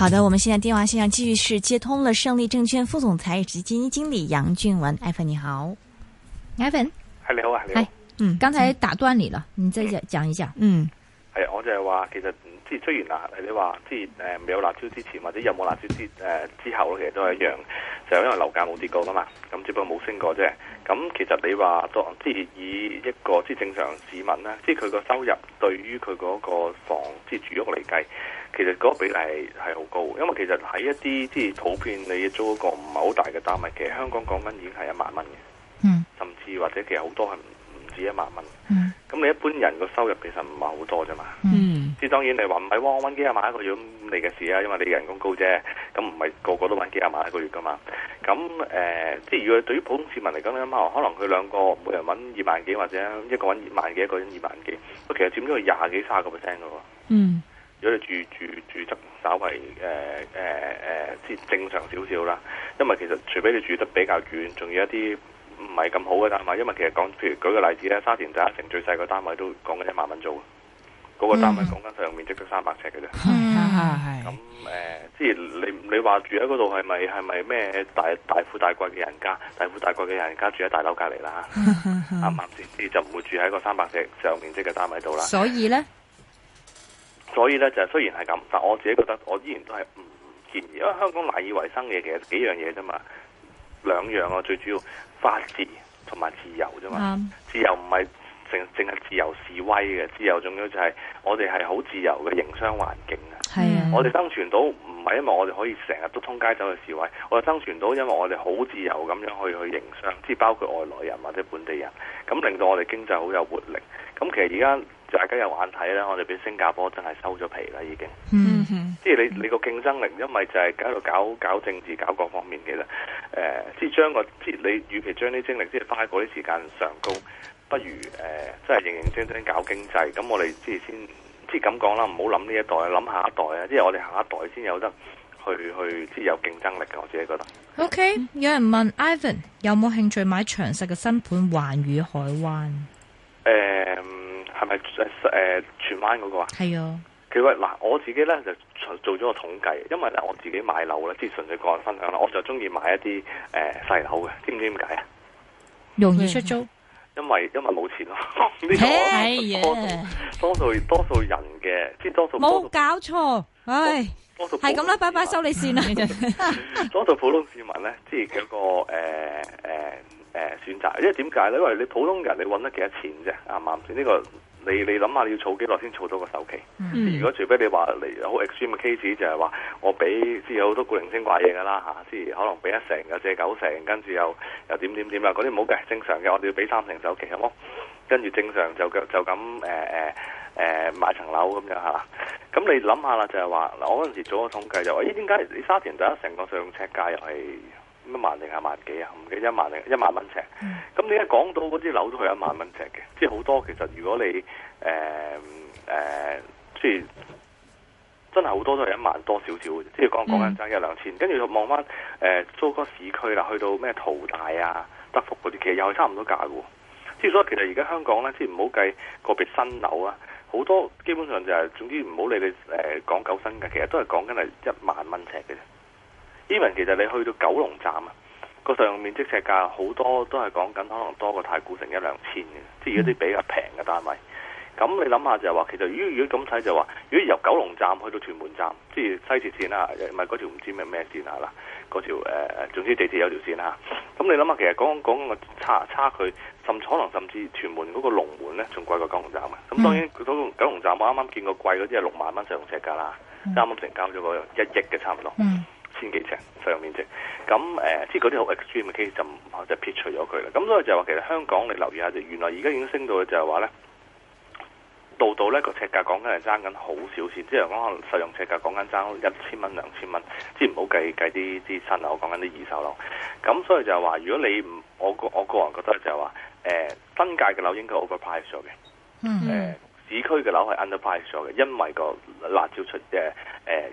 好的，我們現在電話線上繼續是接通了勝利證券副總裁也是基金經理楊俊文，Evan 你好，Evan Hello 啊 Hello 嗯，剛才打斷你了，嗯、你再講講一下，嗯，係、嗯，我就係話，其實即係雖然啊，你話即係誒，未有辣招之前，呃、之前或者有冇辣招之誒、呃、之後其實都係一樣，就因為樓價冇跌過噶嘛，咁只不過冇升過啫。咁其實你話當即係以一個即係正常市民啦，即係佢個收入對於佢嗰個房即係住屋嚟計，其實嗰個比例係好高，因為其實喺一啲即係普遍，你租一個唔係好大嘅單位，其實香港講緊已經係一萬蚊嘅，嗯，甚至或者其實好多係唔止一萬蚊。咁、嗯、你一般人個收入其實唔係好多啫嘛，嗯，即係當然你話唔係喎，我揾幾廿萬一個月。你嘅事啊，因為你嘅人工高啫，咁唔係個個都揾幾廿萬一個月噶嘛。咁誒、呃，即係如果對於普通市民嚟講咧，可能佢兩個每人揾二萬幾，或者一個揾二萬幾，一個揾二萬幾，其實佔咗廿幾卅個 percent 嘅喎。嗯，如果你住住住得稍為誒誒誒，即、呃呃、正常少少啦。因為其實除非你住得比較遠，仲有一啲唔係咁好嘅單位，因為其實講，譬如舉個例子咧，沙田第一城最細嘅單位都講緊一萬蚊租。嗰、嗯、個單位講緊實用面積都三百尺嘅啫，咁誒、嗯，即係、呃、你你話住喺嗰度係咪係咪咩大大富大貴嘅人家？大富大貴嘅人家住喺大樓隔籬啦，啱唔啱？所以就唔會住喺個三百尺實用面積嘅單位度啦。所以呢，所以呢，就雖然係咁，但我自己覺得我依然都係唔建議，因為香港賴以為生嘅其實幾樣嘢啫嘛，兩樣啊最主要法治同埋自由啫嘛，嗯、自由唔係。淨淨係自由示威嘅自由，仲要就係我哋係好自由嘅營商環境啊！Mm hmm. 我哋生存到唔係因為我哋可以成日都通街走去示威，我哋生存到因為我哋好自由咁樣去去營商，即係包括外來人或者本地人，咁令到我哋經濟好有活力。咁其實而家大家有眼睇啦，我哋畀新加坡真係收咗皮啦，已經。嗯，即係你你個競爭力，因為就係喺度搞搞政治、搞各方面，其實誒，即、呃、係將個即係你，與其將啲精力即係花喺嗰啲時間上高。不如誒，真、呃、係認認真真搞經濟。咁我哋即係，先，即係咁講啦，唔好諗呢一代，諗下一代啊！即係我哋下一代先有得去去，即係有競爭力嘅。我自己覺得。O、okay, K，有人問 Ivan 有冇興趣買長實嘅新盤環宇海灣？誒、呃，係咪誒荃灣嗰、嗰個啊？係啊。佢話：嗱，我自己咧就做咗個統計，因為我自己買樓咧，即係純粹個人分享啦。我就中意買一啲誒細樓嘅，知唔知點解啊？容易出租。嗯因為因為冇錢咯，呢個多數多數多數人嘅，即係多數冇搞錯，唉，多數係咁啦，拜拜收你線啦數， 多數普通市民咧，即係佢個誒誒誒選擇，因為點解咧？因為你普通人你搵得幾多錢啫，啱唔啱，先呢個。你你諗下，你，下你要儲幾耐先儲到個首期？嗯、如果除非你話你好 extreme case 就係話，我俾即係有好多古靈精怪嘢噶啦吓，即係可能俾一成又借九成，跟住又又點點點啊！嗰啲唔好計，正常嘅，我哋要俾三成首期，好冇？跟住正常就咁就咁誒誒買層樓咁樣吓，咁、啊、你諗下啦，就係話嗱，我嗰陣時做個統計就話咦，點解你沙田第一成個上呎價又係？咩萬定係萬幾啊，唔記，一萬零一萬蚊尺，咁你一講到嗰啲樓都係一萬蚊尺嘅，即係好多其實如果你誒誒即係真係好多都係一萬多少少，即係講講緊爭一兩千，跟住望翻誒租個市區啦，去到咩淘大啊德福嗰啲，其實又係差唔多價嘅。之所以其實而家香港咧，即係唔好計個別新樓啊，好多基本上就係、是、總之唔好理你誒講舊新嘅，其實都係講緊係一萬蚊尺嘅。e v 其實你去到九龍站啊，個上面積尺價好多都係講緊可能多過太古城一兩千嘅，即係果啲比較平嘅單位。咁你諗下就係話，其實如果如果咁睇就話，如果由九龍站去到屯門站，即係西鐵線啊，唔係嗰條唔知咩咩線啊啦，嗰條誒、呃、總之地鐵有條線啦。咁你諗下，想想其實講講、個差差距，甚至可能甚至屯門嗰個龍門咧仲貴過九龍站啊。咁當然九龍九龍站我啱啱見過貴嗰啲係六萬蚊上尺價啦，啱啱、嗯、成交咗個一億嘅差唔多。嗯千幾尺使用面積，咁誒，即係嗰啲好 extreme 嘅 case 就就撇除咗佢啦。咁所以就係話，其實香港你留意下就，原來而家已經升到嘅就係話咧，度度咧個尺價講緊係爭緊好少錢，即係講可能使用尺價講緊爭一千蚊兩千蚊，即係唔好計計啲啲新樓啦，我講緊啲二手樓咯。咁所以就係話，如果你唔我個我個人覺得就係話，誒新界嘅樓應該 overpriced 咗嘅，嗯，嗯。市區嘅樓係 underprice、er、咗嘅，因為個辣椒出誒誒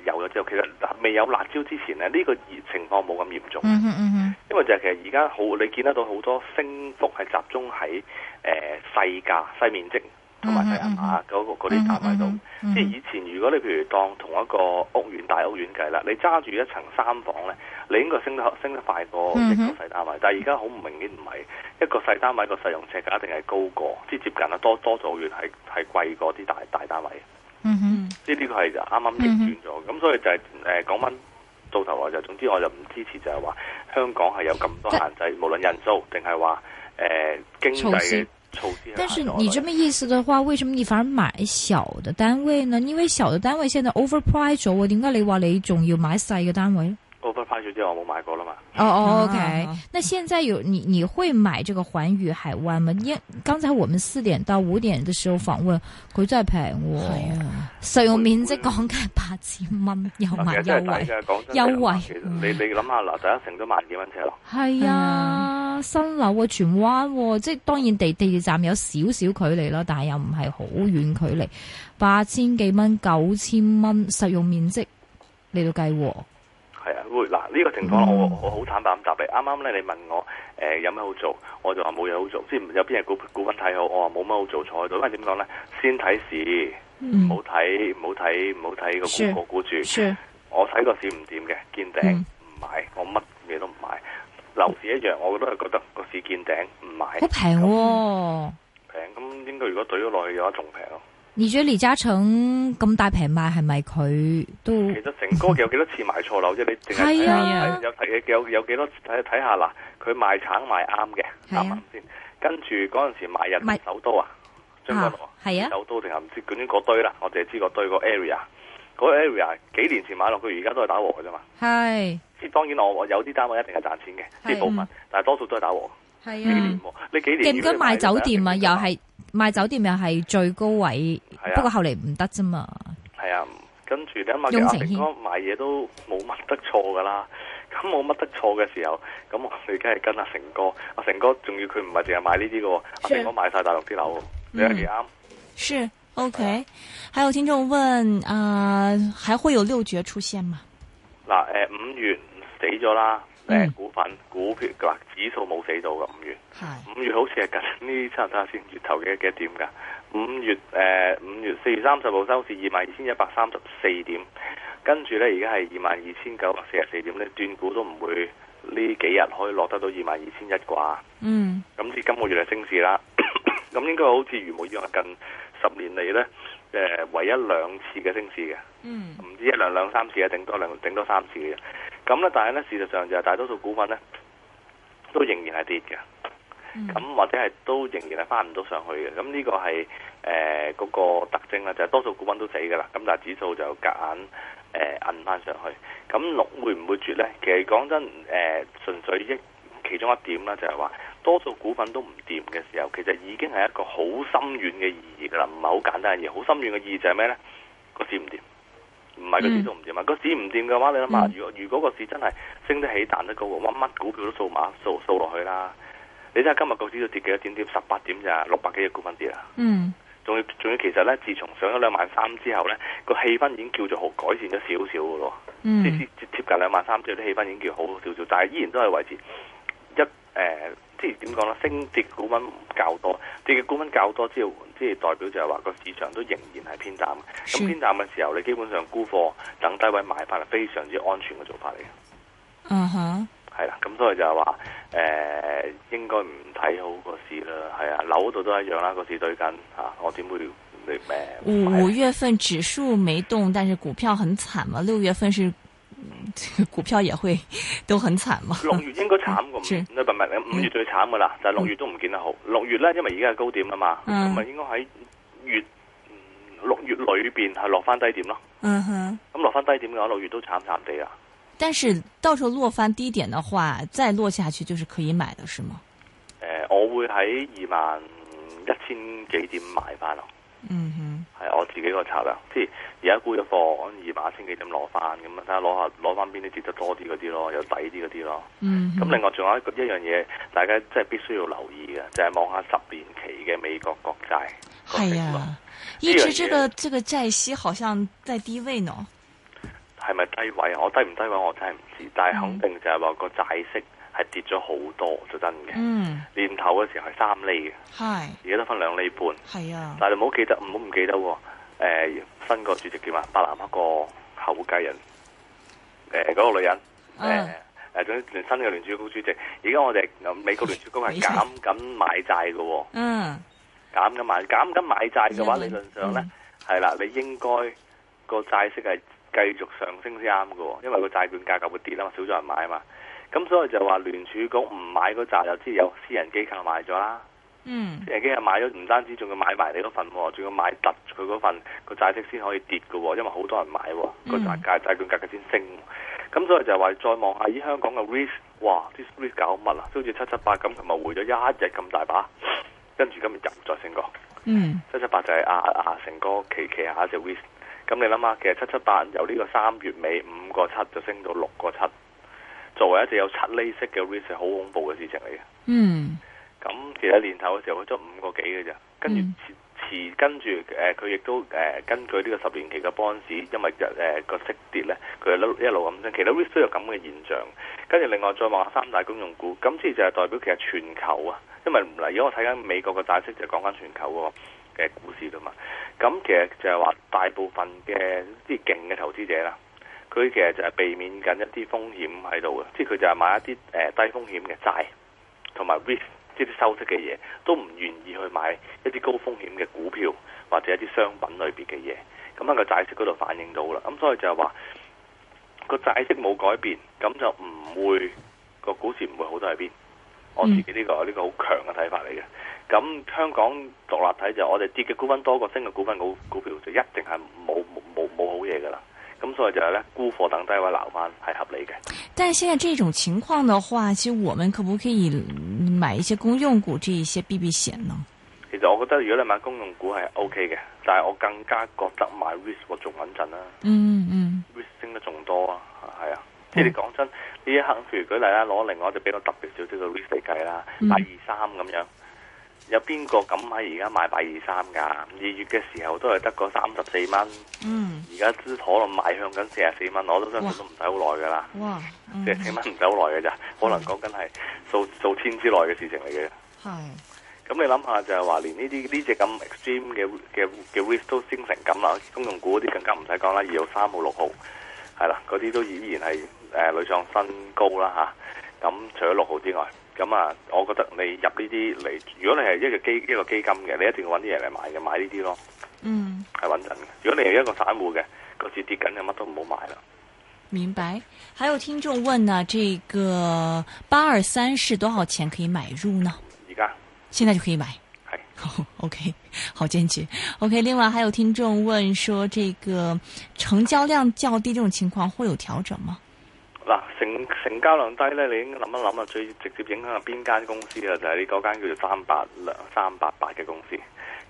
有咗之後，其實未有辣椒之前咧，呢、呢個情況冇咁嚴重，mm hmm, mm hmm. 因為就係其實而家好你見得到好多升幅係集中喺誒、呃、細價細面積。同埋地下嗰個嗰啲、mm hmm. 那個、單位度，即係、mm hmm. mm hmm. 以前如果你譬如當同一個屋苑大屋苑計啦，你揸住一層三房咧，你應該升得升得快過一間細單位。Mm hmm. 但而家好明顯唔係，一個細單位個使用尺價一定係高過，即接近啊多多數月係貴過啲大大單位。嗯嗯，即係呢個係就啱啱逆轉咗。咁、mm hmm. 所以就係、是呃、講翻到頭來就，總之我就唔支持就係話香港係有咁多限制，但無論人租定係話誒經濟嘅。但是你這麼意思的話，為什麼你反而買小的單位呢？因為小的單位現在 overpriced 我 over, 應該來挖了一種有買下一個單位。我拍出之後冇買過啦嘛。哦、oh,，OK，、啊、那現在有你你會買這個環宇海灣嗎？因剛才我們四點到五點的時候訪問，房屋佢真係平喎，係啊，實用面積會講緊係八千蚊又買優惠，的的優惠。其實你你諗下嗱，第一成都萬幾蚊尺咯，係啊，啊，新樓啊，荃灣、啊、即係當然地地鐵站有少少距離咯，但係又唔係好遠距離，八千幾蚊九千蚊，實用面積嚟到計。你都會嗱，呢個情況，我我好坦白咁答你。啱啱咧，你問我誒、呃、有咩好做，我就話冇嘢好做。即係有邊人股股份睇好，我話冇乜好做，坐喺度。因為點講咧，先睇市，唔好睇，唔好睇，唔好睇個股股股住。書我睇書個市唔掂嘅，見頂唔、嗯、買，我乜嘢都唔買。樓市一樣，我都係覺得個市見頂唔買。好平平咁應該如果對咗落去嘅話，仲平咯。你覺得李嘉誠咁大平賣係咪佢都？其實成哥有幾多次買錯樓啫， 你淨係是、啊、有睇有有幾多睇睇下嗱，佢賣橙賣啱嘅，啱啱是、啊、先，跟住嗰陣時人，買入首都啊，將軍澳，係啊，啊啊首都定係唔知，總之嗰堆啦，我哋知嗰堆、那個 area，嗰 area 幾年前買落佢而家都係打和嘅啫嘛，係，即係當然我有啲單位一定係賺錢嘅啲部分，是啊、但係多數都係打和，係是啊，啊，你幾年？唔記得賣酒店啊，又係。賣酒店又係最高位，啊、不過後嚟唔得啫嘛。係啊，跟住你阿成哥買嘢都冇乜得錯噶啦。咁冇乜得錯嘅時候，咁我哋梗係跟阿成哥。阿、啊、成哥仲要佢唔係淨係買呢啲嘅，阿是、啊、成哥買晒大陸啲樓，你有幾啱。是 OK，是、啊、還有聽眾問啊、呃，還會有六絕出現嘛。嗱，誒，五元死咗啦。誒，嗯、股份、股票、嗱，指數冇死到嘅五月，五是月好似係近呢差唔多先，月頭嘅幾多點噶？五、呃、月誒，五月四月三十號收市二萬二千一百三十四點，跟住咧而家係二萬二千九百四十四點咧，斷估都唔會呢幾日可以落得到二萬二千一啩？嗯，咁至今個月係升市啦，咁 應該好似如冇一樣，近十年嚟咧誒，唯一兩次嘅升市嘅，唔、嗯、知道一兩兩三次啊，頂多兩頂多三次嘅。咁咧，但係咧，事實上就係大多數股份咧都仍然係跌嘅，咁、嗯、或者係都仍然係翻唔到上去嘅。咁呢個係嗰、呃那個特徵啦，就係、是、多數股份都死㗎啦。咁但係指數就夾硬誒按翻上去。咁六會唔會絕咧？其實講真誒、呃，純粹一其中一點啦，就係話多數股份都唔掂嘅時候，其實已經係一個好深遠嘅意義㗎啦，唔係好簡單嘅嘢。好深遠嘅意義就係咩咧？個市唔掂。唔係個指數唔掂嘛？個市唔掂嘅話，你諗下，如果如果個市真係升得起、彈得高喎，哇！乜股票都掃碼掃掃落去啦！你睇下今日個指數跌幾多點？跌十八點咋，六百幾億股份跌啦。嗯，仲要仲要，要其實咧，自從上咗兩萬三之後咧，個氣氛已經叫做好改善咗少少咯。即係接近兩萬三之後，啲氣氛已經叫好少少，但係依然都係維持一誒、呃，即係點講咧？升跌股份較多，跌嘅股份較多之後。即係代表就係話個市場都仍然係偏淡，咁是偏淡嘅時候，你基本上沽貨等低位買翻嚟，非常之安全嘅做法嚟嘅。嗯哼、uh，係、huh. 啦，咁所以就係話，誒、呃、應該唔睇好個市啦，係啊，樓度都一樣啦，個市對緊吓，我點會唔對？、嗯、五月份指數沒動，但是股票很慘嘛。六月份是。 股票也會都很慘嘛？六月應該慘噶嘛？唔係唔係，五月最慘噶啦，但係六月都唔見得好。六月咧，因為而家係高點啦嘛，唔係、嗯、應該喺月六、嗯、月裏邊係落翻低點咯。嗯哼，咁落翻低點嘅話，六月都慘慘地啊。但是到時候落翻低點的話，再落下去就是可以買的，是嗎？誒、呃，我會喺二萬一千幾點買翻咯。嗯哼，係我自己個策略，即係而家沽咗貨，二萬一千幾點攞翻，咁睇下攞下攞翻邊啲跌得多啲嗰啲咯，有抵啲嗰啲咯。嗯哼，咁另外仲有一一樣嘢，大家即係必須要留意嘅，就係望下十年期嘅美國國債。係啊，一直呢這個這個債息好像在低位呢。係咪低位？我低唔低位，我真係唔知道。嗯、但係肯定就係話個債息。係跌咗好多，就真嘅。嗯，年頭嗰時候係三厘嘅，係而家都分兩厘半。係啊，但係你唔好記得，唔好唔記得喎。誒、呃，新個主席叫乜？白蘭黑個後繼人，誒、呃，嗰、那個女人，誒、呃，誒、嗯，總之、呃、新嘅聯儲局主席，而家我哋美國聯儲局係減緊買債嘅、嗯。嗯，減緊買，減緊買債嘅話，理論上咧係啦，你應該、那個債息係繼續上升先啱嘅，因為個債券價格會跌啊嘛，少咗人買啊嘛。咁所以就話聯儲局唔買嗰債，又知有私人機構買咗啦。嗯，私人機構買咗，唔單止仲要買埋你嗰份喎，仲要買突佢嗰份個債息先可以跌嘅喎。因為好多人買喎，個債價債券價格先升。咁所以就係話再望下咦，香港嘅 risk，哇！啲 risk 搞乜啊？都好似七七八咁，尋日回咗一日咁大把，跟住今日又再升過。嗯，七七八就係阿阿成哥騎騎下隻 risk。咁你諗下，其實七七八由呢個三月尾五個七就升到六個七。作為一隻有七厘息嘅 risk，好恐怖嘅事情嚟嘅。嗯，咁其實年頭嘅時候佢得五個幾嘅啫，跟住遲遲跟住誒，佢、呃、亦都誒、呃、根據呢個十年期嘅 bond 市，因為日誒、呃、個息跌咧，佢一路一路咁升。其實 risk 都有咁嘅現象，跟住另外再望下三大公用股，咁即係就係代表其實全球啊，因為唔係，如果我睇緊美國嘅債息，就講緊全球嘅股市啦嘛。咁其實就係話大部分嘅啲勁嘅投資者啦。佢其實就係避免緊一啲風險喺度嘅，即係佢就係買一啲誒低風險嘅債，同埋 with 即係收息嘅嘢，都唔願意去買一啲高風險嘅股票或者一啲商品類別嘅嘢，咁喺個債息嗰度反映到啦。咁所以就係話個債息冇改變，咁就唔會個股市唔會好到喺邊。我自己呢、這個呢、這個好強嘅睇法嚟嘅。咁香港獨立睇就係我哋跌嘅股份多過升嘅股份股股票，就一定係冇。咁所以就係咧，沽貨等低位留翻係合理嘅。但係現在這種情況嘅話，其實我們可唔可以買一些公用股，這一些避避險呢？其實我覺得如果你買公用股係 OK 嘅，但係我更加覺得買 risk 仲穩陣啦。嗯嗯，risk 升得仲多啊，係啊。即係你講真，呢、嗯、一刻譬如舉例啦，攞另外一隻比較特別少啲嘅 risk 嚟計啦，八二三咁樣。有邊個敢喺而家買百二三㗎？二月嘅時候都係得個三十四蚊，而家支可能賣向緊四十四蚊，我都相信都唔使好耐㗎啦。哇，四十四蚊唔使好耐㗎咋？嗯、可能講緊係數千之內嘅事情嚟嘅。係、嗯，咁你諗下就係話，連呢啲呢隻咁 extreme 嘅嘅嘅 whistle 都升成咁啦，公用股嗰啲更加唔使講啦，二號三號六號係啦，嗰啲都依然係誒累創新高啦嚇。咁、啊、除咗六號之外，咁啊、嗯，我覺得你入呢啲嚟，如果你係一個基一個基金嘅，你一定要揾啲人嚟買嘅，買呢啲咯。嗯，係穩陣嘅。如果你係一個散戶嘅，嗰次跌緊嘅乜都唔好買啦。明白。還有聽眾問呢、啊，這個八二三是多少錢可以買入呢？而家在，現在就可以買。係是。Oh, OK，好堅決。OK，另外還有聽眾問說，這個成交量較低，這種情況會有調整嗎？嗱，成成交量低咧，你應該諗一諗啊，最直接影響係邊間公司啊？就係你嗰間叫做三八兩三八八嘅公司。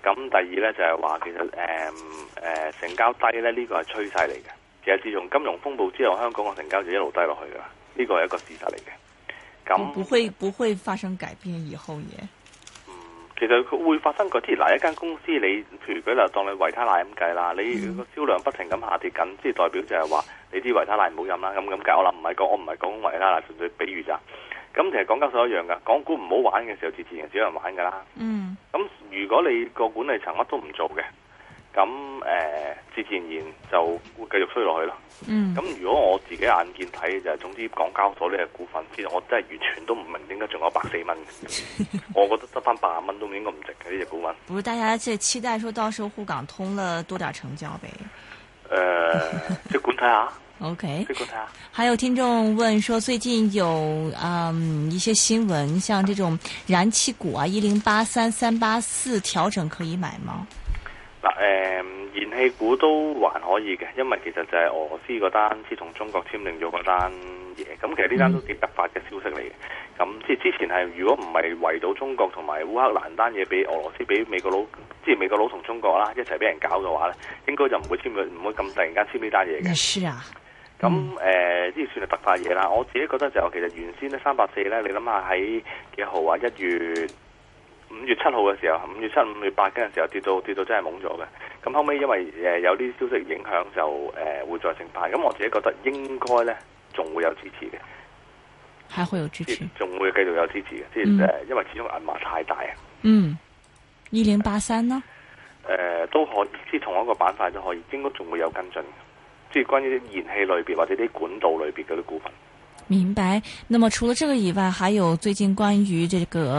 咁、就是、第二咧就係、是、話，其實誒誒、嗯呃、成交低咧，呢、這個係趨勢嚟嘅。其實自從金融風暴之後，香港嘅成交就一路低落去噶，呢、這個係一個事實嚟嘅。咁唔會唔會發生改變以後嘢？嗯，其實佢會發生嗰啲嗱，一間公司你譬如舉例當你維他奶咁計啦，你個銷量不停咁下跌緊，即係代表就係話。你啲維他奶唔好飲啦，咁咁解。我諗唔係講，我唔係講維他奶，純粹比喻咋。咁其實港交所一樣噶，港股唔好玩嘅時候，自自然少人玩噶啦。嗯。咁如果你個管理層乜都唔做嘅，咁、呃、自自然就會繼續衰落去啦嗯。咁如果我自己眼見睇就係、是，總之港交所呢隻股份，其實我真係完全都唔明點解仲有百四蚊。 我覺得得翻百廿蚊都唔應該唔值嘅呢隻股份。不是 大家即係期待，說到時候滬港通啦多點成交唄。誒，即管睇下。O K，即管睇下。還有聽眾問說，最近有嗯一些新聞，像這種燃氣股啊，一零八三三八四調整可以買嗎？嗱，誒，燃氣股都還可以嘅，因為其實就係俄羅斯嗰單，先同中國簽訂咗嗰單嘢，咁其實呢單都幾突發嘅消息嚟嘅。咁即之前係如果唔係圍到中國同埋烏克蘭單嘢俾俄羅斯，俾美國佬。即係美國佬同中國啦，一齊俾人搞嘅話咧，應該就唔會簽，唔會咁突然間簽呢單嘢嘅。咁誒、啊，呢啲、呃嗯、算係突發嘢啦。我自己覺得就其實原先呢，三百四咧，你諗下喺幾號啊？一月五月七號嘅時候，五月七、五月八嗰陣時候跌到跌到真係懵咗嘅。咁後尾因為誒、呃、有啲消息影響，就誒、呃、會再成牌。咁我自己覺得應該咧，仲會有支持嘅。係會有支持，仲會繼續有支持嘅，即係誒，因為始終銀碼太大啊。嗯。二零八三咯，誒、呃，都可以，即係同一個板塊都可以，應該仲會有跟進，即係關於啲燃氣類別或者啲管道類別嘅股份。明白。那麼除了這個以外，還有最近關於這個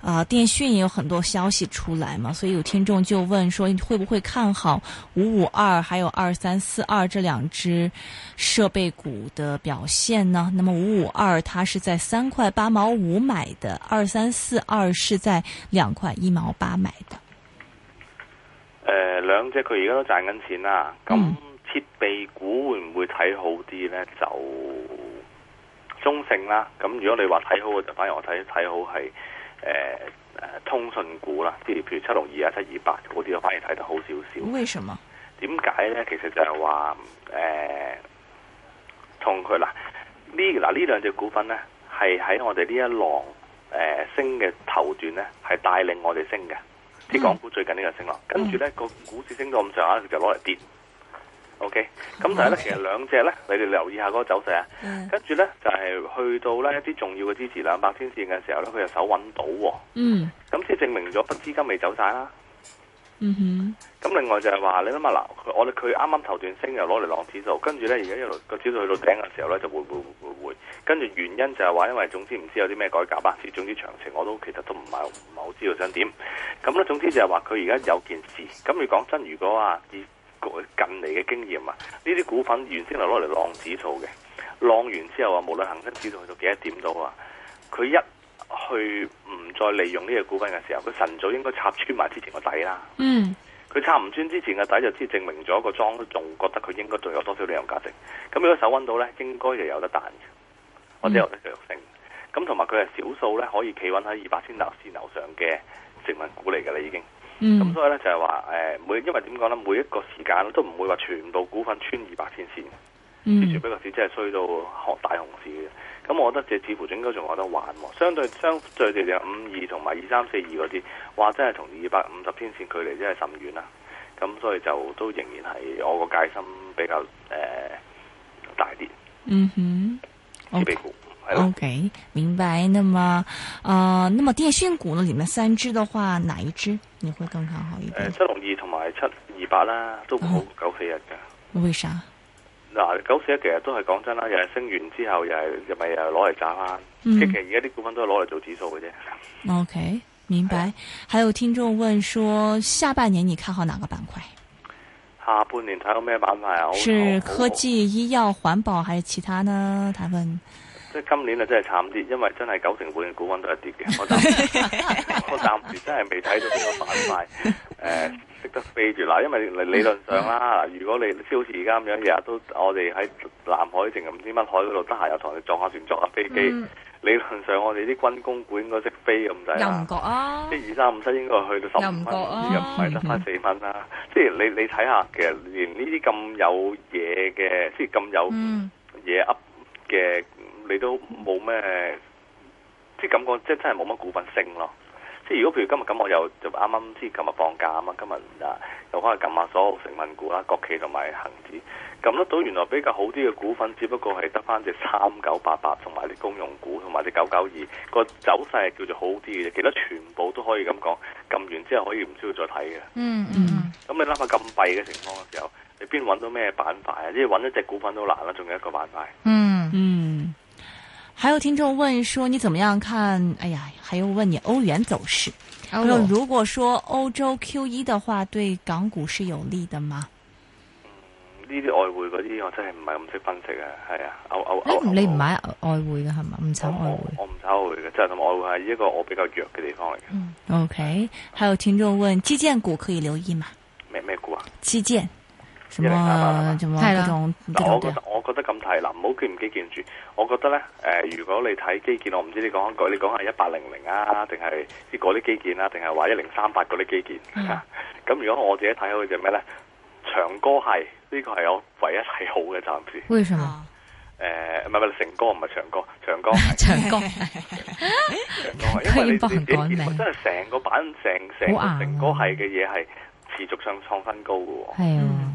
啊、呃、電訊也有很多消息出來嘛，所以有聽眾就問說，你會不會看好五五二還有二三四二這兩隻設備股的表現呢？那麼五五二它是在三塊八毛五買的，二三四二是在兩塊一毛八買的。誒、呃，兩隻佢而家都賺緊錢啦。咁設備股會唔會睇好啲呢？就？中性啦，咁如果你話睇好嘅就，反而我睇睇好係誒誒通訊股啦，即係譬如七六二啊、七二八嗰啲，我反而睇得好少少。為什麼？點解咧？其實就係話誒同佢嗱呢嗱呢兩隻股份咧，係喺我哋呢一浪誒、呃、升嘅頭段咧，係帶領我哋升嘅，啲、嗯、港股最近呢個升浪，跟住咧個股市升到咁上下，就攞嚟跌。OK，咁但係咧，Okay. 其實兩隻咧，你哋留意下嗰個走勢啊，跟住咧就係、是、去到咧一啲重要嘅支持兩百天線嘅時候咧，佢又手揾到喎、哦。嗯，咁即係證明咗筆資金未走晒啦。嗯哼。咁另外就係話，你諗下嗱，我哋佢啱啱頭段升又攞嚟浪指數，跟住咧而家一路個指數去到頂嘅時候咧，就會會會會，跟住原因就係話，因為總之唔知有啲咩改革啊，即係總之詳情我都其實都唔係唔係好知道想點。咁咧總之就係話佢而家有件事，咁你講真，如果啊近嚟嘅經驗啊，呢啲股份原先係攞嚟浪指數嘅，浪完之後啊，無論恒生指數去到幾多點度啊，佢一去唔再利用呢個股份嘅時候，佢晨早應該插穿埋之前個底啦。嗯，佢插唔穿之前嘅底，就知證明咗個莊都仲覺得佢應該仲有多少利用價值。咁如果手温到咧，應該就有得彈的，或者有得繼續升。咁同埋佢係少數咧可以企穩喺二百千頭線樓上嘅成分股嚟㗎啦，已經。咁、mm hmm. 嗯、所以咧就係話誒每因為點講咧，每一個時間都唔會話全部股份穿二百天線，之前呢個市真係衰到學大熊市嘅。咁我覺得即係似乎就應該仲有得玩，相對相對地就五二同埋二三四二嗰啲，話真係同二百五十天線距離真係甚遠啦。咁所以就都仍然係我個戒心比較誒、呃、大啲。嗯哼、mm，啲、hmm. okay.。O、okay, K，明白。那麼，誒、呃，那麼電訊股呢？裏面三隻的話，哪一隻你會更看好一點？呃、七六二同埋七二八啦、啊，都冇。九四一噶。為啥？嗱，九四一其實都係講真啦，又係升完之後又係又咪又攞嚟炸翻。其實而家啲股份都係攞嚟做指數嘅啫。O、okay, K，明白。是還有聽眾問說，下半年你看好哪個板塊？下半年睇到咩板塊啊？是科技、醫藥、環保還是其他呢？他問。即係今年啊，真係慘啲，因為真係九成半嘅股穩都一跌嘅。我暫時，我暫時真係未睇到邊個板塊誒識得飛住嗱，因為理論上啦，嗱，如果你好似而家咁樣，日日都我哋喺南海定唔知乜海嗰度得閒有台，你撞下船，撞下飛機。理論上，我哋啲軍工股應該識飛咁滯啦。又唔覺啊！即係二三五七應該去到十五蚊，又唔覺啊！唔係得翻四蚊啦。即係你你睇下，其實連呢啲咁有嘢嘅，即係咁有嘢噏嘅。你都冇咩，即係感覺，即係真係冇乜股份升咯。即係如果譬如今日咁，我又就啱啱，即係今日放假啊嘛。今日啊，又可能撳下所有成分股啦、國企同埋恒指撳得到，原來比較好啲嘅股份，只不過係得翻隻三九八八同埋啲公用股同埋隻九九二個走勢係叫做好啲嘅，其他全部都可以咁講。撳完之後可以唔需要再睇嘅、嗯。嗯嗯。咁你諗下咁弊嘅情況嘅時候，你邊揾到咩板塊啊？即係揾一隻股份都難啦，仲有一個板塊、嗯。嗯嗯。還有聽眾問說你怎麼樣看？哎呀，還有問你歐元走勢。我說，如果說歐洲 QE 的話，對港股是有利的嗎？嗯，呢啲外匯嗰啲我真係唔係咁識分析啊，係啊，歐歐。歐歐歐你唔你唔買外匯嘅係嘛？唔炒外匯。哦、我唔炒外匯嘅，即係同外匯係一個我比較弱嘅地方嚟嘅。嗯、o、okay. k 還有聽眾問，基建股可以留意嗎？咩咩股啊？基建。一零三八啦，我覺得我覺得咁睇啦，唔好建唔基建住。我覺得咧，誒、呃，如果你睇基建，我唔知你講一句，你講係一八零零啊，定係啲嗰啲基建啊，定係話一零三八嗰啲基建。咁、嗯啊、如果我自己睇，好似咩咧？長歌係呢個係我唯一睇好嘅暫時。為什麼、啊？誒、呃，唔係唔係，成歌唔係長歌，長歌 長歌， 長歌因為你不很你我真係成個版成成成歌係嘅嘢係持續上創新高噶喎。係啊、嗯。嗯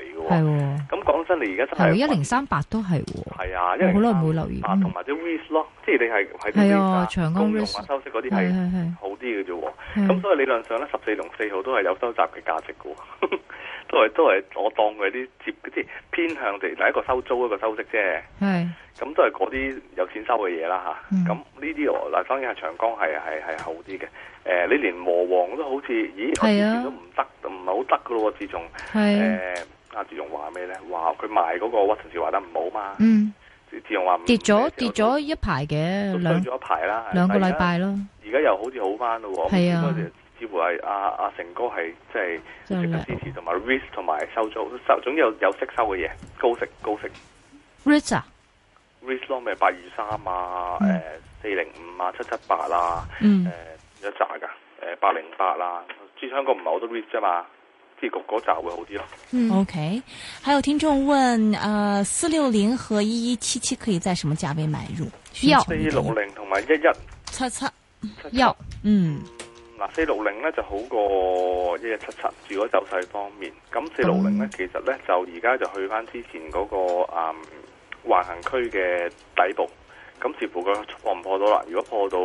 係咁講真，你而家真係一零三八都係喎，好耐冇留意，同埋啲 risk 咯，即係你係喺長江收息嗰啲係好啲嘅啫。咁所以理論上咧，十四同四號都係有收集嘅價值嘅，都係都係我當佢啲接即係偏向地，第一個收租一個收息啫。咁都係嗰啲有錢收嘅嘢啦嚇。咁呢啲嗱，當然係長江係係係好啲嘅。誒、呃，你連和黃都好似，咦，都唔得，唔係好得嘅咯喎。自從誒。是的呃阿志勇話咩咧？話佢、啊、賣嗰個屈臣氏話得唔好嘛？嗯，志志勇話跌咗跌咗一排嘅，兩咗一排啦，兩個禮拜咯。而家又好似好翻咯。係啊、嗯，似乎係阿阿成哥係即係積極支持，同埋 risk 同埋收租收，總之有有息收嘅嘢，高息高息。risk，risk 啊 long 咪八二三啊，誒四零五啊，七七八啦，誒一扎噶，誒八零八啦，即、啊、香港唔係好多 risk 啫、啊、嘛。呢個嗰扎會好啲咯。嗯，OK。還有聽眾問，啊、呃，四六零和一一七七可以在什麼價位買入？需要四六零同埋一一七七。要嗯，嗱、呃，四六零咧就好過一一七七，住咗走勢方面，咁四六零咧其實咧就而家就去返之前嗰、那個嗯橫行區嘅底部，咁似乎佢破唔破到啦？如果破到。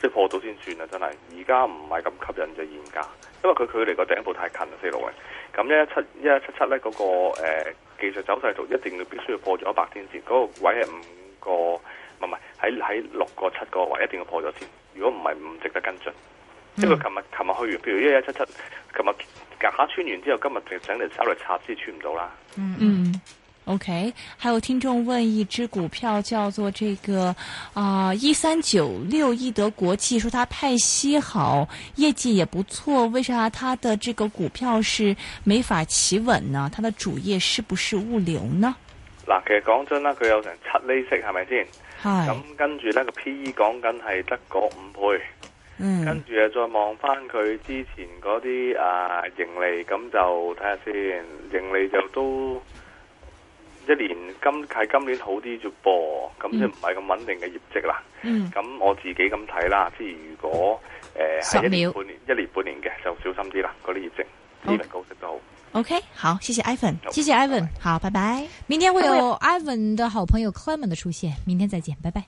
即破到先算啦，真係而家唔係咁吸引咗現價，因為佢距離個頂部太近啦，四六位。咁一一七一一七七咧嗰個、呃、技術走勢圖，一定要必須要破咗一百天線，嗰個位係五個，唔係唔係喺喺六個七個位，一定要破咗先、那個。如果唔係唔值得跟進。嗯、因為琴日琴日去完，譬如一一七七，琴日假穿完之後，今日整嚟走嚟插先穿唔到啦。嗯，嗯。OK，還有聽眾問一隻股票叫做這個啊一三九六易德國際，說它派息好，業績也不錯，為啥它的這個股票是沒法企穩呢？它的主業是不是物流呢？嗱，其實講真啦，佢有成七厘息係咪先？係。咁跟住呢個 P E 講緊係得嗰五倍。嗯。跟住啊再望翻佢之前嗰啲啊盈利，咁就睇下先，盈利就都。一年今喺今年好啲啫噃，咁即係唔係咁穩定嘅業績啦。咁、嗯嗯、我自己咁睇啦，即係如果誒係、呃、瞄一年半年一年半年嘅就小心啲啦，嗰啲業績，呢份 Okay. 高息都好。OK，好，謝謝 Ivan，Okay, 謝謝 Ivan，拜好，拜拜。明天會有 Ivan 的好朋友 Clement 的出現，明天再見，拜拜。